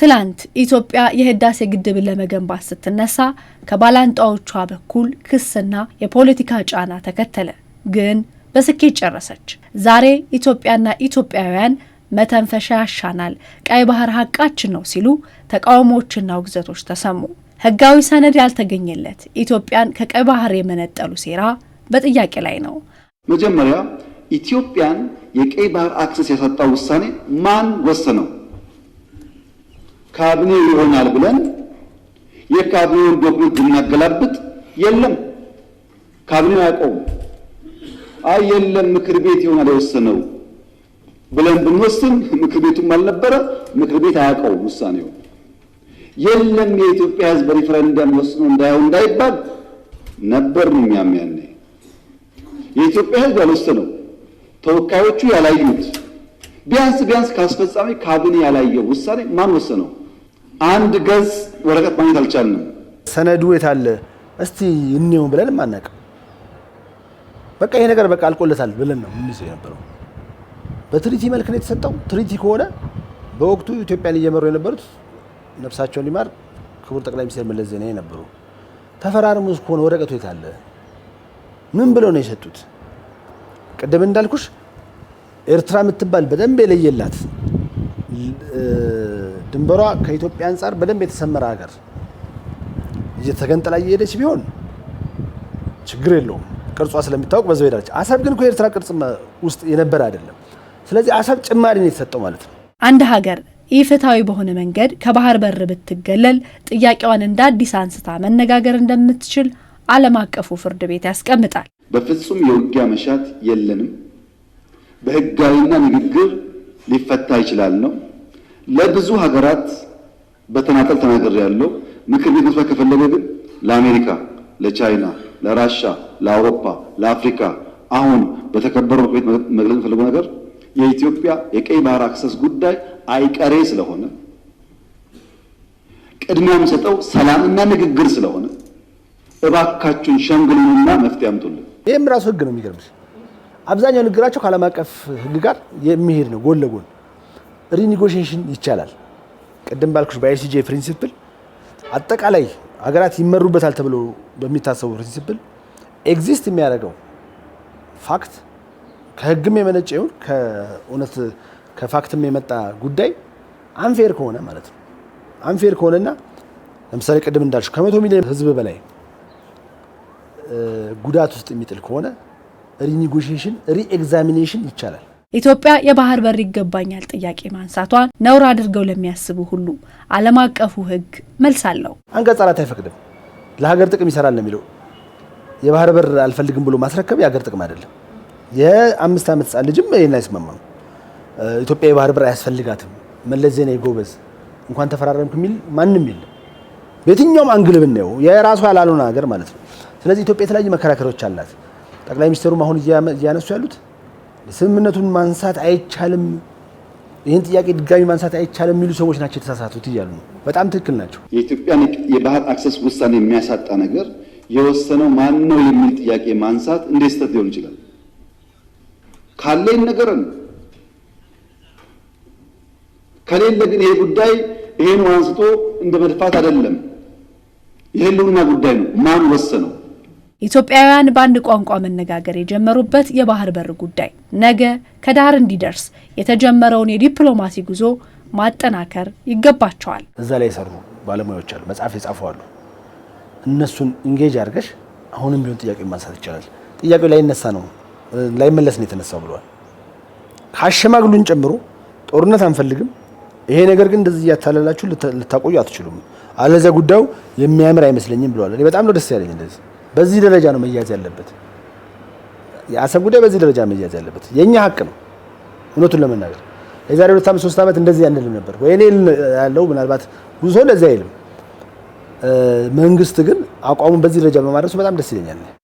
ትላንት ኢትዮጵያ የህዳሴ ግድብን ለመገንባት ስትነሳ ከባላንጣዎቿ በኩል ክስና የፖለቲካ ጫና ተከተለ፣ ግን በስኬት ጨረሰች። ዛሬ ኢትዮጵያና ኢትዮጵያውያን መተንፈሻ ያሻናል፣ ቀይ ባህር ሀቃችን ነው ሲሉ ተቃውሞዎችና ውግዘቶች ተሰሙ። ህጋዊ ሰነድ ያልተገኘለት ኢትዮጵያን ከቀይ ባህር የመነጠሉ ሴራ በጥያቄ ላይ ነው። መጀመሪያ ኢትዮጵያን የቀይ ባህር አክሰስ ያሳጣው ውሳኔ ማን ወሰነው? ካቢኔ ይሆናል ብለን የካቢኔውን ዶክመንት ብናገላብጥ የለም፣ ካቢኔው አያውቀውም። አይ የለም ምክር ቤት ይሆናል የወሰነው ብለን ብንወስን ምክር ቤቱም አልነበረ፣ ምክር ቤት አያውቀውም ውሳኔው። የለም የኢትዮጵያ ሕዝብ ሪፈረንደም ወስኖ እንዳየው እንዳይባል ነበር ነው የሚያም የኢትዮጵያ ሕዝብ ያልወሰነው ተወካዮቹ ያላዩት ቢያንስ ቢያንስ ከአስፈጻሚ ካቢኔ ያላየው ውሳኔ ማን ወሰነው? አንድ ገጽ ወረቀት ማግኘት አልቻልንም። ሰነዱ የታለ እስቲ እንየው ብለን ማናቀ በቃ ይሄ ነገር በቃ አልቆለታል ብለን ነው ምን የነበረው። በትሪቲ መልክ ነው የተሰጠው። ትሪቲ ከሆነ በወቅቱ ኢትዮጵያን እየመሩ የነበሩት ነፍሳቸውን ሊማር ክቡር ጠቅላይ ሚኒስትር መለስ ዜናዊ ነበሩ። ተፈራርሙ ከሆነ ወረቀቱ የታለ? ምን ብለው ነው የሰጡት? ቅድም እንዳልኩሽ ኤርትራ የምትባል በደንብ የለየላት ድንበሯ ከኢትዮጵያ አንጻር በደንብ የተሰመረ ሀገር እየተገንጠላ እየሄደች ቢሆን ችግር የለውም። ቅርጿ ስለሚታወቅ በዛው ሄዳለች። አሰብ ግን ከኤርትራ ቅርጽ ውስጥ የነበረ አይደለም። ስለዚህ አሰብ ጭማሪ ነው የተሰጠው ማለት ነው። አንድ ሀገር ኢፍትሐዊ በሆነ መንገድ ከባህር በር ብትገለል ጥያቄዋን እንደ አዲስ አንስታ መነጋገር እንደምትችል ዓለም አቀፉ ፍርድ ቤት ያስቀምጣል። በፍጹም የውጊያ መሻት የለንም። በህጋዊና ንግግር ሊፈታ ይችላል ነው ለብዙ ሀገራት በተናጠል ተናገር ያለው ምክር ቤት መስማት ከፈለገ ግን ለአሜሪካ፣ ለቻይና፣ ለራሻ፣ ለአውሮፓ፣ ለአፍሪካ አሁን በተከበረው ምክር ቤት መግለጽ የፈለገው ነገር የኢትዮጵያ የቀይ ባህር አክሰስ ጉዳይ አይቀሬ ስለሆነ ቅድሚያ የሚሰጠው ሰላምና ንግግር ስለሆነ እባካችሁን ሸምግሉንና መፍትሄ አምጡልን። ይህም ራሱ ህግ ነው የሚገርምሽ። አብዛኛው ንግግራቸው ከዓለም አቀፍ ህግ ጋር የሚሄድ ነው ጎን ለጎን ሪኒጎሽሽን ይቻላል። ቅድም ባልኩሽ በአይሲጄ ፕሪንሲፕል አጠቃላይ ሀገራት ይመሩበታል ተብሎ በሚታሰቡ ፕሪንሲፕል ኤግዚስት የሚያደርገው ፋክት ከህግም የመነጨ ይሁን ከእውነት ከፋክትም የመጣ ጉዳይ አንፌር ከሆነ ማለት ነው። አንፌር ከሆነና ለምሳሌ ቅድም እንዳልሽ ከመቶ ሚሊዮን ህዝብ በላይ ጉዳት ውስጥ የሚጥል ከሆነ ሪኒጎሽሽን ሪኤግዛሚኔሽን ይቻላል። ኢትዮጵያ የባህር በር ይገባኛል ጥያቄ ማንሳቷን ነውር አድርገው ለሚያስቡ ሁሉ ዓለም አቀፉ ሕግ መልስ አለው። አንቀጽ አራት አይፈቅድም። ለሀገር ጥቅም ይሰራል ነው የሚለው። የባህር በር አልፈልግም ብሎ ማስረከብ የሀገር ጥቅም አይደለም። የአምስት ዓመት ህጻን ልጅም ይህን አይስማማም። ኢትዮጵያ የባህር በር አያስፈልጋትም፣ መለስ ዜናዊ ጎበዝ እንኳን ተፈራረምክ የሚል ማንም የለም። በየትኛውም አንግል ብናየው የራሷ ያላልሆነ ሀገር ማለት ነው። ስለዚህ ኢትዮጵያ የተለያዩ መከራከሪያዎች አላት። ጠቅላይ ሚኒስትሩም አሁን እያነሱ ያሉት ስምምነቱን ማንሳት አይቻልም፣ ይህን ጥያቄ ድጋሚ ማንሳት አይቻልም የሚሉ ሰዎች ናቸው የተሳሳቱት እያሉ ነው። በጣም ትክክል ናቸው። የኢትዮጵያን የባህር አክሰስ ውሳኔ የሚያሳጣ ነገር የወሰነው ማን ነው የሚል ጥያቄ ማንሳት እንዴት ስህተት ሊሆን ይችላል? ካለ ነገር ነው። ከሌለ ግን ይሄ ጉዳይ ይሄን አንስቶ እንደ መድፋት አይደለም፣ የህልውና ጉዳይ ነው። ማን ወሰነው? ኢትዮጵያውያን በአንድ ቋንቋ መነጋገር የጀመሩበት የባህር በር ጉዳይ ነገ ከዳር እንዲደርስ የተጀመረውን የዲፕሎማሲ ጉዞ ማጠናከር ይገባቸዋል። እዛ ላይ የሰሩ ባለሙያዎች አሉ፣ መጽሐፍ የጻፉ አሉ። እነሱን እንጌጅ አድርገሽ አሁንም ቢሆን ጥያቄ ማንሳት ይቻላል። ጥያቄው ላይነሳ ነው ላይመለስ ነው የተነሳው ብለዋል። ከአሸማግሉን ጨምሮ ጦርነት አንፈልግም፣ ይሄ ነገር ግን እንደዚህ እያታለላችሁ ልታቆዩ አትችሉም፣ አለዚያ ጉዳዩ የሚያምር አይመስለኝም ብለዋል። በጣም ነው ደስ ያለኝ እንደዚህ በዚህ ደረጃ ነው መያዝ ያለበት። የአሰብ ጉዳይ በዚህ ደረጃ መያዝ ያለበት የእኛ ሀቅ ነው። እውነቱን ለመናገር የዛሬ ሁለት ዓመት ሶስት ዓመት እንደዚህ አንልም ነበር ወይ እኔ ያለው ምናልባት ብዙ ሰው እንደዚህ አይልም። መንግስት ግን አቋሙን በዚህ ደረጃ በማድረሱ በጣም ደስ ይለኛል።